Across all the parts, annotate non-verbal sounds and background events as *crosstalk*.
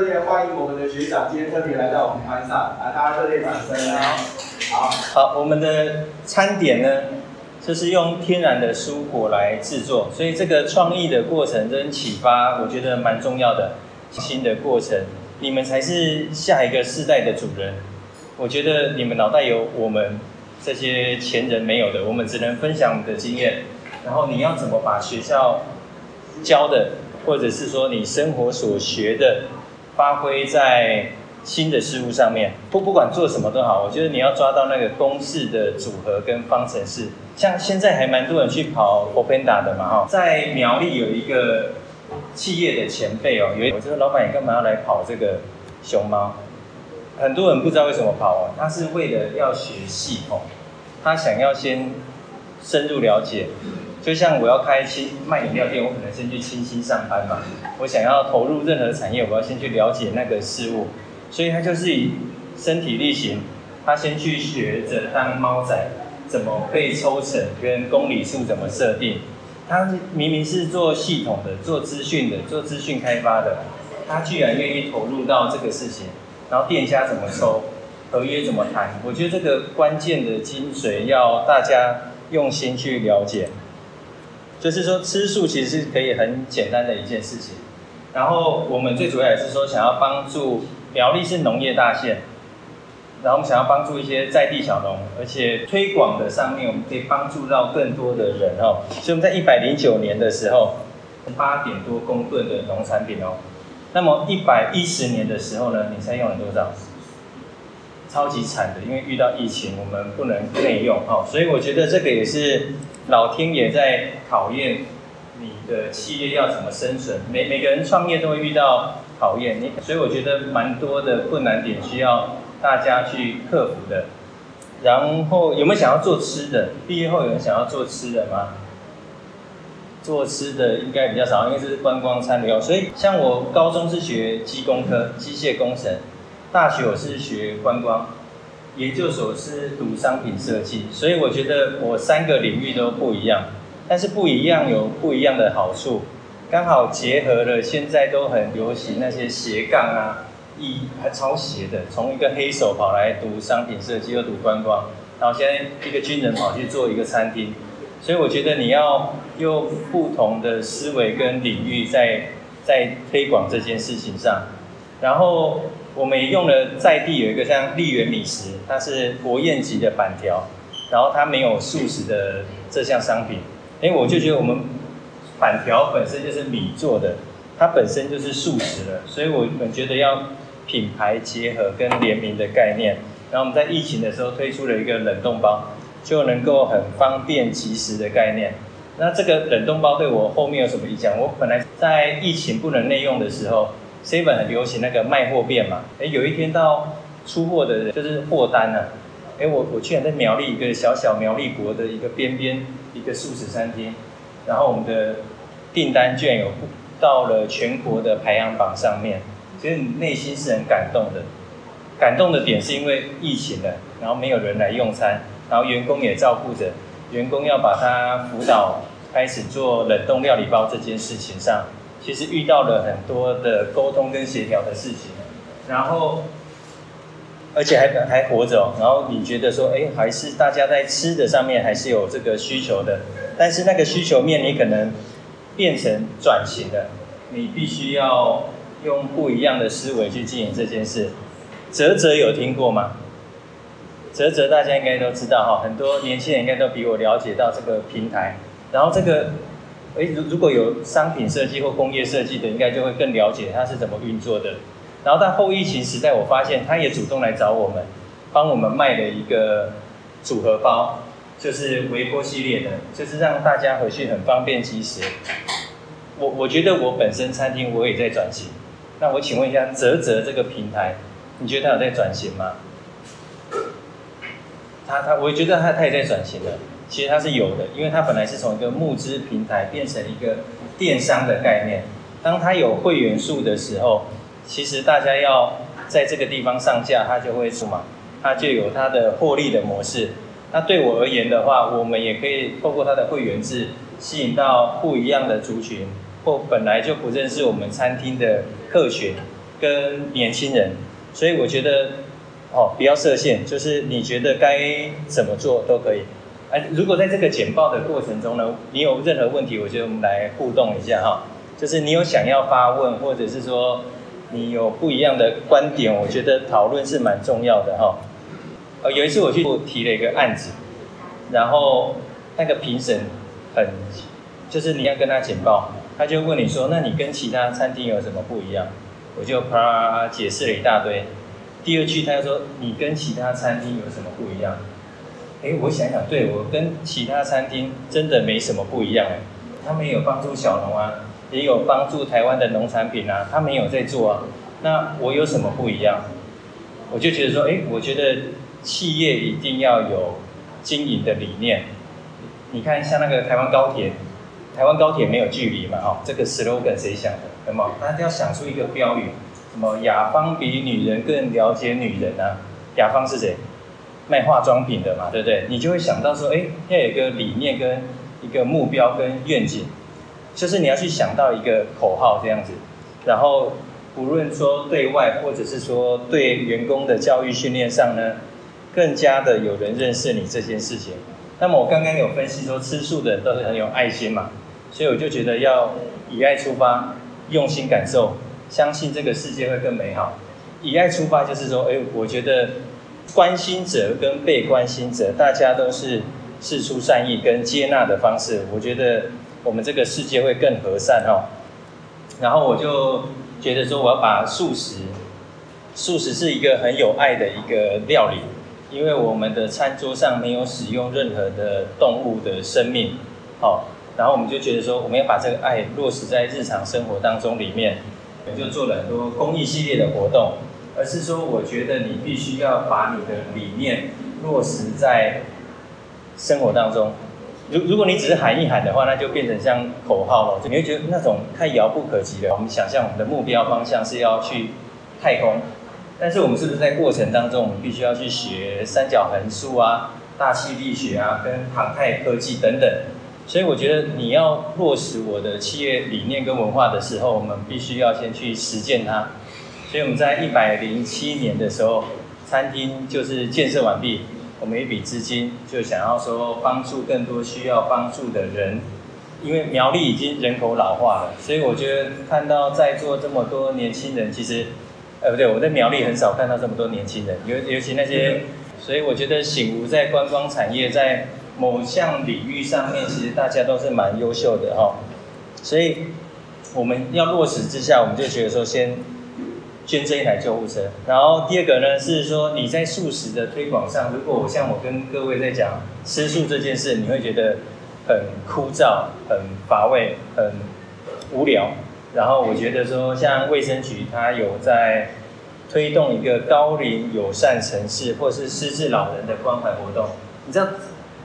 熱烈歡迎我們的學長，今天特別來到我們班上，啊，來，大家熱烈掌聲啊！好，好，我們的餐點呢，就是用天然的蔬果來製作，所以這個創意的過程，跟啟發，我覺得蠻重要的。新的過程，你們才是下一個世代的主人。我覺得你們腦袋有我們這些前人沒有的，我們只能分享的經驗。然後你要怎麼把學校教的，或者是說你生活所學的，發揮在新的事物上面，不不管做什麼都好。我覺得你要抓到那個公式的組合跟方程式，像現在還蠻多人去跑 Panda 的嘛，哈，在苗栗有一個企業的前輩哦，有，我就說老闆，你幹嘛要來跑這個熊貓？很多人不知道為什麼跑啊，他是為了要學系統，他想要先深入了解。就像我要開清，賣飲料店，我可能先去清新上班嘛。我想要投入任何產業，我要先去了解那個事物。所以他就是以身體力行，他先去學着當貓仔，怎麼被抽成跟公里數怎麼設定。他明明是做系統的、做資訊的、做資訊開發的，他居然願意投入到這個事情。然後店家怎麼抽，合約怎麼談，我覺得這個關鍵的精髓要大家用心去了解。就是說，吃素其實是可以很簡單的一件事情。然後我們最主要也是說，想要幫助苗栗是農業大縣，然後我們想要幫助一些在地小農，而且推廣的上面，我們可以幫助到更多的人哦。所以我們在一百零九年的時候，八點多公噸的農產品哦。那麼一百一十年的時候呢？你猜用了多少？超級慘的，因為遇到疫情，我們不能內用哦，所以我覺得這個也是老天爺在考驗你的企業要怎麼生存。每，每個人創業都會遇到考驗，你，所以我覺得蠻多的困難點需要大家去克服的。然後有沒有想要做吃的？畢業後有人想要做吃的嗎？做吃的應該比較少，因為這是觀光餐旅，所以像我高中是學機工科，機械工程。大學我是學觀光，研究所是讀商品設計，所以我覺得我三個領域都不一樣，但是不一樣有不一樣的好處，剛好結合了現在都很流行那些斜槓啊，一還超斜的，從一個黑手跑來讀商品設計又讀觀光，然後現在一個軍人跑去做一個餐廳，所以我覺得你要用不同的思維跟領域在在推廣這件事情上，然後。我們也用了在地有一個像麗源米食，它是國宴級的板條，然後它沒有素食的這項商品。因為我就覺得我們板條本身就是米做的，它本身就是素食了，所以我們覺得要品牌結合跟聯名的概念。然後我們在疫情的時候推出了一個冷凍包，就能夠很方便及時的概念。那這個冷凍包對我後面有什麼影響？我本來在疫情不能內用的時候。這本很流行那個賣貨店嘛，誒，有一天到出貨的，就是貨單吶、啊，誒，我我居然在苗栗一個小小苗栗國的一個邊邊一個素食餐廳，然後我們的訂單居然有到了全國的排行榜上面，其實你內心是很感動的，感動的點是因為疫情了，然後沒有人來用餐，然後員工也照顧着，員工要把他輔導開始做冷凍料理包這件事情上。其實遇到了很多的溝通跟協調的事情，然後，而且還還活着、哦，然後你覺得說，哎，還是大家在吃的上面還是有這個需求的，但是那個需求面你可能變成轉型的，你必須要用不一樣的思維去經營這件事。哲哲有聽過嗎？哲哲大家應該都知道哈，很多年輕人應該都比我了解到這個平台，然後這個。哎，如如果有商品設計或工業設計的，應該就會更了解它是怎麼運作的。然後在後疫情時代，我發現他也主動來找我們，幫我們賣了一個組合包，就是微波系列的，就是讓大家回去很方便。其實，我我覺得我本身餐廳我也在轉型。那我請問一下，澤澤這個平台，你覺得他有在轉型嗎？他他，我也覺得他他也在轉型的。其實它是有的，因為它本來是從一個募資平台變成一個電商的概念。當它有會員數的時候，其實大家要在這個地方上架，它就會什麼，它就有它的獲利的模式。那對我而言的話，我們也可以透過它的會員制，吸引到不一樣的族群，或本來就不認識我們餐廳的客群跟年輕人。所以我覺得，哦，不要設限，就是你覺得該怎麼做都可以。哎，如果在這個簡報的過程中呢，你有任何問題，我覺得我們來互動一下哈。就是你有想要發問，或者是說你有不一樣的觀點，我覺得討論是蠻重要的哈。有一次我去提了一個案子，然後那個評審很，就是你要跟他簡報，他就問你說：“那你跟其他餐廳有什麼不一樣？”我就啪啦解釋了一大堆。第二句他又說：“你跟其他餐廳有什麼不一樣？”哎，我想想，對，我跟其他餐廳真的沒什麼不一樣。他們有幫助小農啊，也有幫助台灣的農產品啊，他們有在做啊。那我有什麼不一樣？我就覺得說，哎，我覺得企業一定要有經營的理念。你看，像那個台灣高鐵，台灣高鐵沒有距離嘛，哦，這個 slogan 誰想的？很好，大家要想出一個標語。什麼？雅芳比女人更了解女人啊？雅芳是誰？賣化妝品的嘛，對不對？你就會想到說，哎，要有一個理念跟一個目標跟願景，就是你要去想到一個口號這樣子。然後，不論說對外或者是說對員工的教育訓練上呢，更加的有人認識你這件事情。那麼我剛剛有分析說，吃素的人都是很有愛心嘛，所以我就覺得要以愛出發，用心感受，相信這個世界會更美好。以愛出發就是說，哎，我覺得。關心者跟被關心者，大家都是釋出善意跟接納的方式，我覺得我們這個世界會更和善哦。然後我就覺得說，我要把素食，素食是一個很有愛的一個料理，因為我們的餐桌上沒有使用任何的動物的生命，好，然後我們就覺得說，我們要把這個愛落實在日常生活當中裡面，我們就做了很多公益系列的活動。而是說，我覺得你必須要把你的理念落實在生活當中。如如果你只是喊一喊的話，那就變成像口號了，就你會覺得那種太遙不可及了。我們想象我們的目標方向是要去太空，但是我們是不是在過程當中，我們必須要去學三角函數啊、大氣力學啊、跟航太科技等等。所以我覺得你要落實我的企業理念跟文化的時候，我們必須要先去實踐它。所以我們在一百零七年的時候，餐廳就是建設完畢。我們一筆資金就想要說，幫助更多需要幫助的人，因為苗栗已經人口老化了。所以我覺得看到在座這麼多年輕人，其實，呃不對，我在苗栗很少看到這麼多年輕人，尤尤其那些。所以我覺得醒吾在觀光產業在某項領域上面，其實大家都是蠻優秀的哈、哦。所以我們要落實之下，我們就覺得說先。捐贈一台救護車，然後第二個呢是說，你在素食的推廣上，如果我像我跟各位在講吃素這件事，你會覺得很枯燥、很乏味、很無聊。然後我覺得說，像衛生局他有在推動一個高齡友善城市，或是失智老人的關懷活動。你知道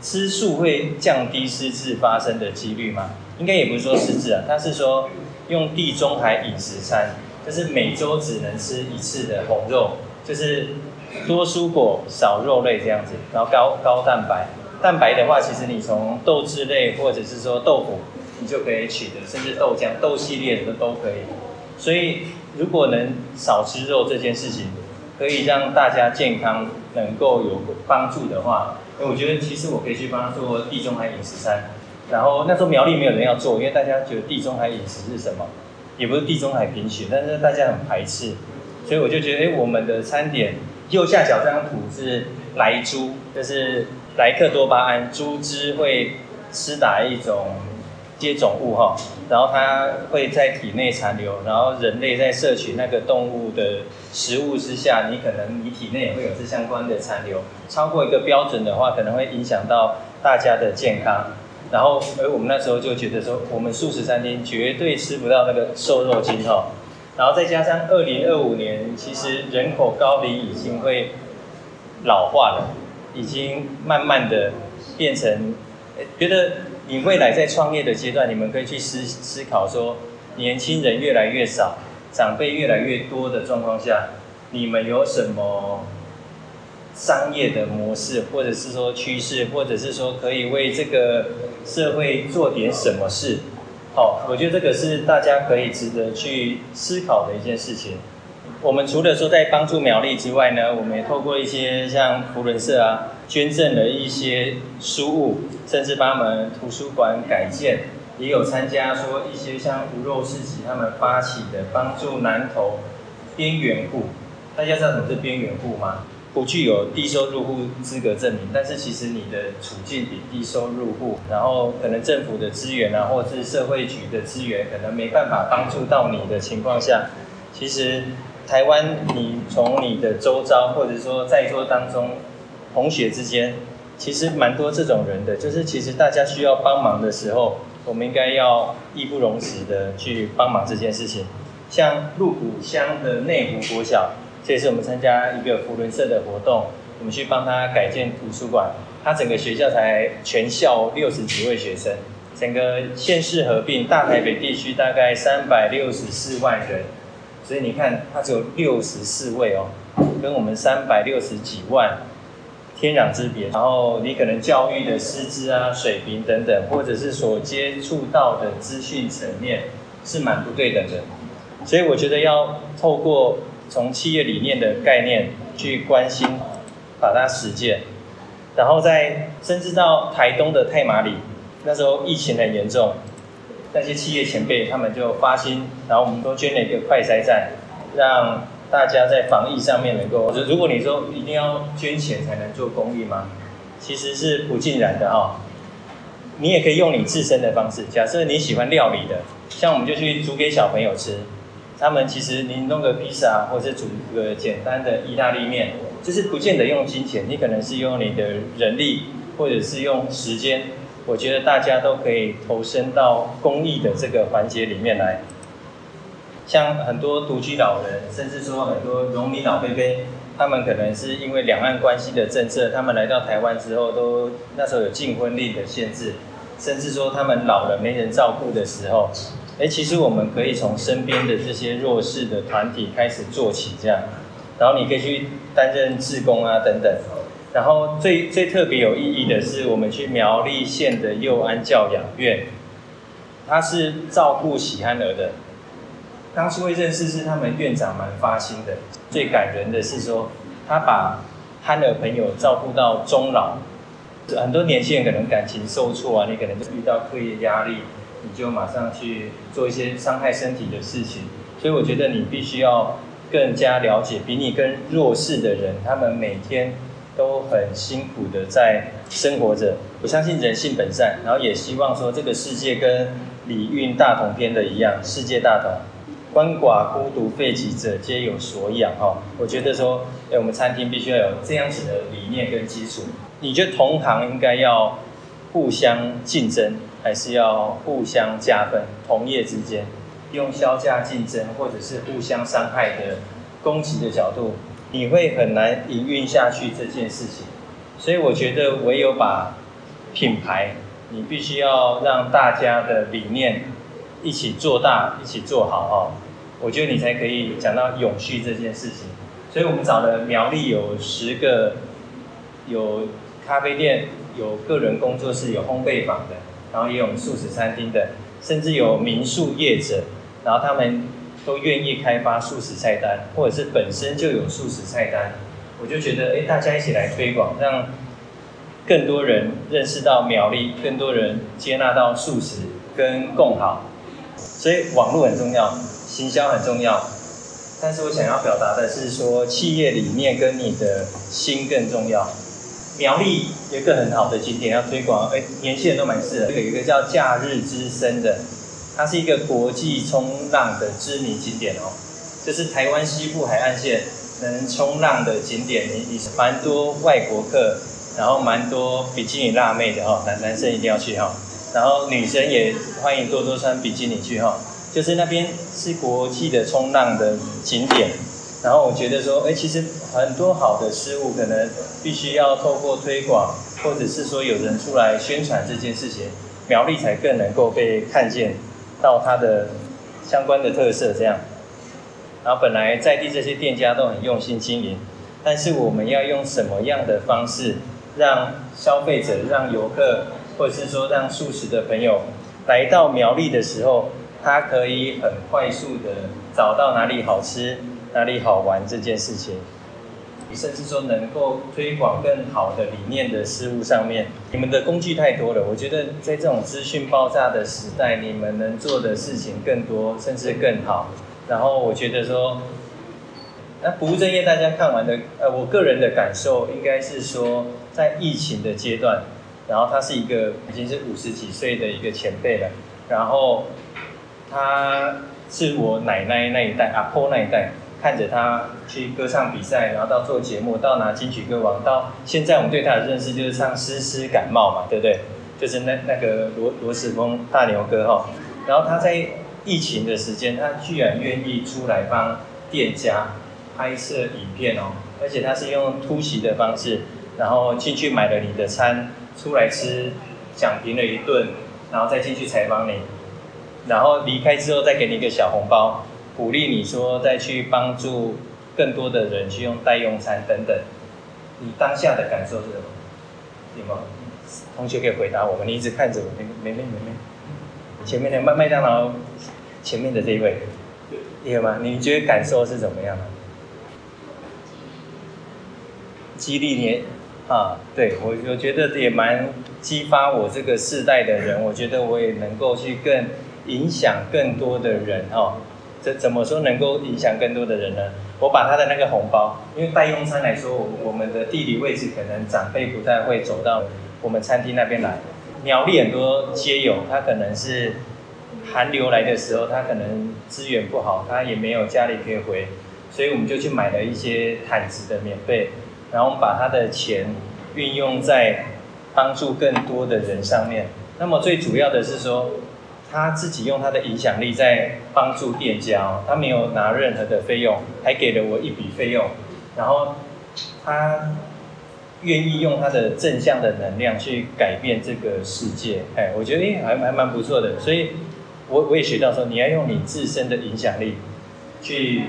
吃素會降低失智發生的幾率嗎？應該也不是說失智啊，他是說用地中海飲食餐。就是每週只能吃一次的紅肉，就是多蔬果少肉類這樣子，然後高高蛋白，蛋白的話其實你從豆製類或者是說豆腐，你就可以取得，甚至豆漿豆系列的都可以。所以如果能少吃肉這件事情可以讓大家健康能夠有幫助的話，我覺得其實我可以去幫他做地中海飲食餐。然後那時候苗栗沒有人要做，因為大家覺得地中海飲食是什麼？也不是地中海貧血，但是大家很排斥，所以我就覺得，哎、欸，我們的餐點右下角這張圖是萊豬，就是萊克多巴胺，豬只會施打一種接種物哈，然後它會在體內殘留，然後人類在攝取那個動物的食物之下，你可能你體內也會有這相關的殘留，超過一個標準的話，可能會影響到大家的健康。然後，哎，我們那時候就覺得說，我們素食餐廳絕對吃不到那個瘦肉精哈、哦。然後再加上二零二五年，其實人口高齡已經會老化了，已經慢慢的變成，覺得你未來在創業的階段，你們可以去思思考說，年輕人越來越少，長輩越來越多的狀況下，你們有什麼？商業的模式，或者是說趨勢，或者是說可以為這個社會做點什麼事，好，我覺得這個是大家可以值得去思考的一件事情。我們除了說在幫助苗栗之外呢，我們也透過一些像福仁社啊，捐贈了一些書物，甚至幫他們圖書館改建，也有參加說一些像無肉市集他們發起的幫助南投邊緣戶。大家知道什麼是邊緣戶嗎？不具有低收入戶資格證明，但是其實你的處境比低收入戶，然後可能政府的資源啊，或是社會局的資源，可能沒辦法幫助到你的情況下，其實台灣你從你的周遭，或者說在座當中同學之間，其實蠻多這種人的，就是其實大家需要幫忙的時候，我們應該要義不容辭的去幫忙這件事情。像鹿谷鄉的內湖國小。這次是我們參加一個扶輪社的活動，我們去幫他改建圖書館。他整個學校才全校六十幾位學生，整個縣市合併大台北地區大概三百六十四萬人，所以你看他只有六十四位哦，跟我們三百六十幾萬天壤之別。然後你可能教育的師資啊、水平等等，或者是所接觸到的資訊層面是蠻不對等的。所以我覺得要透過。從企業理念的概念去關心，把它實踐，然後在甚至到台東的太麻里，那時候疫情很嚴重，那些企業前輩他們就發心，然後我們都捐了一個快篩站，讓大家在防疫上面能夠。我如果你說一定要捐錢才能做公益嗎？其實是不盡然的哈、哦，你也可以用你自身的方式。假設你喜歡料理的，像我們就去煮給小朋友吃。他們其實，您弄個披薩，或者是煮個簡單的意大利麵，就是不見得用金錢，你可能是用你的人力，或者是用時間。我覺得大家都可以投身到公益的這個環節裡面來。像很多獨居老人，甚至說很多榮民老北北，他們可能是因為兩岸關係的政策，他們來到台灣之後，都那時候有禁婚令的限制，甚至說他們老了沒人照顧的時候。哎，其實我們可以從身邊的這些弱勢的團體開始做起，這樣，然後你可以去擔任志工啊等等。然後最最特別有意義的是，我們去苗栗縣的幼安教養院，他是照顧喜憨兒的。當時會認識是他們院長蠻發心的，最感人的是說，他把憨兒朋友照顧到終老，很多年輕人可能感情受挫啊，你可能就遇到學業壓力。你就馬上去做一些傷害身體的事情，所以我覺得你必須要更加了解比你更弱勢的人，他們每天都很辛苦的在生活着。我相信人性本善，然後也希望說這個世界跟禮運大同篇的一樣，世界大同，鰥寡孤獨廢疾者皆有所養。哦，我覺得說，欸，我們餐廳必須要有這樣子的理念跟基礎。你覺得同行應該要互相競爭？還是要互相加分，同業之間用削價競爭，或者是互相傷害的攻擊的角度，你會很難營運下去這件事情。所以我覺得唯有把品牌，你必須要讓大家的理念一起做大，一起做好哦，我覺得你才可以講到永續這件事情。所以我們找了苗栗有十個，有咖啡店，有個人工作室，有烘焙坊的。然後也有素食餐廳的，甚至有民宿業者，然後他們都願意開發素食菜單，或者是本身就有素食菜單，我就覺得，哎，大家一起來推廣，讓更多人認識到苗栗，更多人接納到素食跟共好。所以網絡很重要，行銷很重要，但是我想要表達的是說，企業理念跟你的心更重要。苗栗。有一個很好的景點要推廣，哎、欸，年輕人都蠻適合。這個有一個叫假日之森的，它是一個國際衝浪的知名景點哦。就是台灣西部海岸線能衝浪的景點，也蠻多外國客，然後蠻多比基尼辣妹的哦。男男生一定要去哈、哦，然後女生也歡迎多多穿比基尼去哈、哦。就是那邊是國際的衝浪的景點。然後我覺得說，哎，其實很多好的事物可能必須要透過推廣，或者是說有人出來宣傳這件事情，苗栗才更能夠被看見到它的相關的特色這樣。然後本來在地這些店家都很用心經營，但是我們要用什麼樣的方式讓消費者、讓遊客，或者是說讓素食的朋友來到苗栗的時候，他可以很快速的找到哪裡好吃，哪裡好玩這件事情，甚至說能夠推廣更好的理念的事物上面，你們的工具太多了。我覺得在這種資訊爆炸的時代，你們能做的事情更多，甚至更好。然後我覺得說，那、啊《不務正業》大家看完的，呃、啊，我個人的感受應該是說，在疫情的階段，然後他是一個已經是五十幾歲的一個前輩了，然後他是我奶奶那一代，阿婆那一代。看着他去歌唱比賽，然後到做節目，到拿金曲歌王，到現在我們對他的認識就是唱《斯斯感冒》嘛，對不對？就是那那個羅羅時豐大牛哥哈、哦。然後他在疫情的時間，他居然願意出來幫店家拍攝影片哦，而且他是用突襲的方式，然後進去買了你的餐，出來吃，講評了一頓，然後再進去採訪你，然後離開之後再給你一個小紅包。鼓勵你說，再去幫助更多的人去用代用餐等等，你當下的感受是什麼？有嗎？同學可以回答我們。你一直看着我，沒沒沒沒，前面的麥麥當勞前面的這一位有，有嗎？你覺得感受是怎麼樣？激勵你啊！對，我我覺得也蠻激發我這個世代的人。我覺得我也能夠去更影響更多的人哦。這怎麼說能夠影響更多的人呢？我把他的那個紅包，因為代用餐來說我，我們的地理位置可能長輩不太會走到我們餐廳那邊來。苗栗很多街友，他可能是寒流來的時候，他可能資源不好，他也沒有家裡可以回，所以我們就去買了一些毯子的棉被，然後我們把他的錢運用在幫助更多的人上面。那麼最主要的是說。他自己用他的影響力在幫助店家，他沒有拿任何的費用，還給了我一筆費用，然後他願意用他的正向的能量去改變這個世界，哎，我覺得哎還，還蠻不錯的，所以我，我我也學到說，你要用你自身的影響力去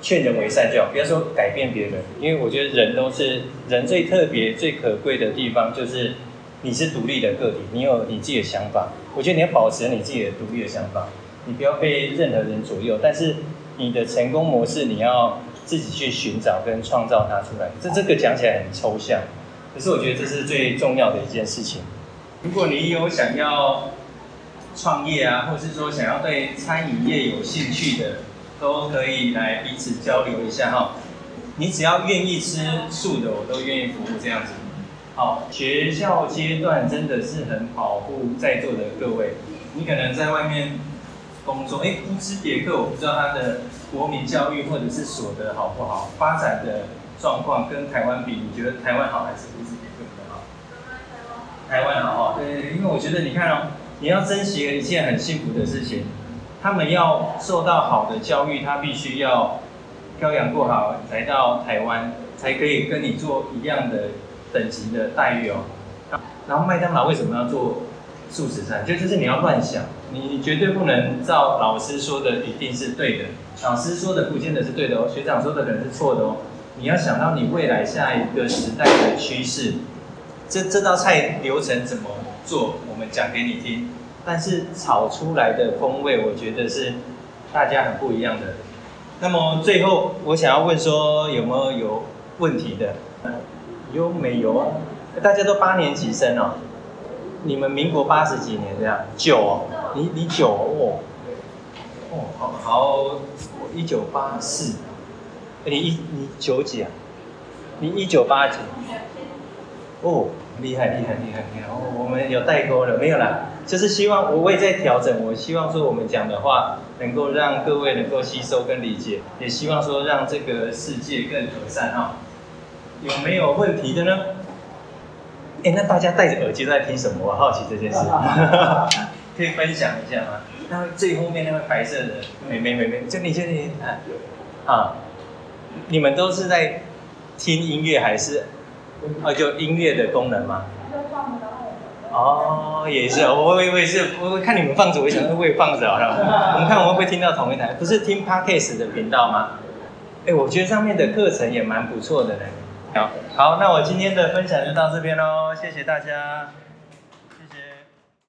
勸人為善就好，不要說改變別人，因為我覺得人都是人最特別、最可貴的地方就是。你是獨立的個體，你有你自己的想法。我覺得你要保持你自己的獨立的想法，你不要被任何人左右。但是你的成功模式，你要自己去尋找跟創造它出來。這這個講起來很抽象，可是我覺得這是最重要的一件事情。如果你有想要創業啊，或者是說想要對餐飲業有興趣的，都可以來彼此交流一下哈。你只要願意吃素的，我都願意服務這樣子。好，學校階段真的是很保護在座的各位。你可能在外面工作，誒、欸，烏茲別克我不知道他的國民教育或者是所得好不好，發展的狀況跟台灣比，你覺得台灣好還是烏茲別克的好？台灣好。台灣好哈。對，因為我覺得你看哦、喔，你要珍惜一件很幸福的事情，他們要受到好的教育，他必須要漂洋過海來到台灣，才可以跟你做一樣的。等級的待遇哦，然後麥當勞為什麼要做素食餐？就就是你要亂想，你絕對不能照老師說的一定是對的，老師說的不見得是對的哦，學長說的可能是錯的哦。你要想到你未來下一個時代的趨勢，這這道菜流程怎麼做，我們講給你聽。但是炒出來的風味，我覺得是大家很不一樣的。那麼最後我想要問說，有沒有有問題的？有沒有啊？大家都八年級生哦，你們民國八十幾年這樣，九你你九哦，哦好好，一九八四，欸、你一你九幾啊？你一九八幾？哦，厲害厲害厲害厲害，厲害、哦！我們有代溝了沒有啦？就是希望我也在調整，我希望說我們講的話能夠讓各位能夠吸收跟理解，也希望說讓這個世界更和善哦。有沒有問題的呢？哎、欸，那大家戴着耳機在聽什麼？我好奇這件事，可以分享一下嗎？那最後面那位白色的，美眉美眉，就你先是啊啊，你們都是在聽音樂還是啊？就音樂的功能嗎？哦，也是，我我我也是，我看你們放着，我想說會放着 *laughs* 我們看我們會，會聽到同一台，不是聽 Podcast 的頻道嗎？哎、欸，我覺得上面的課程也蠻不錯的嘞。好，好，那我今天的分享就到這邊嘍，謝謝大家。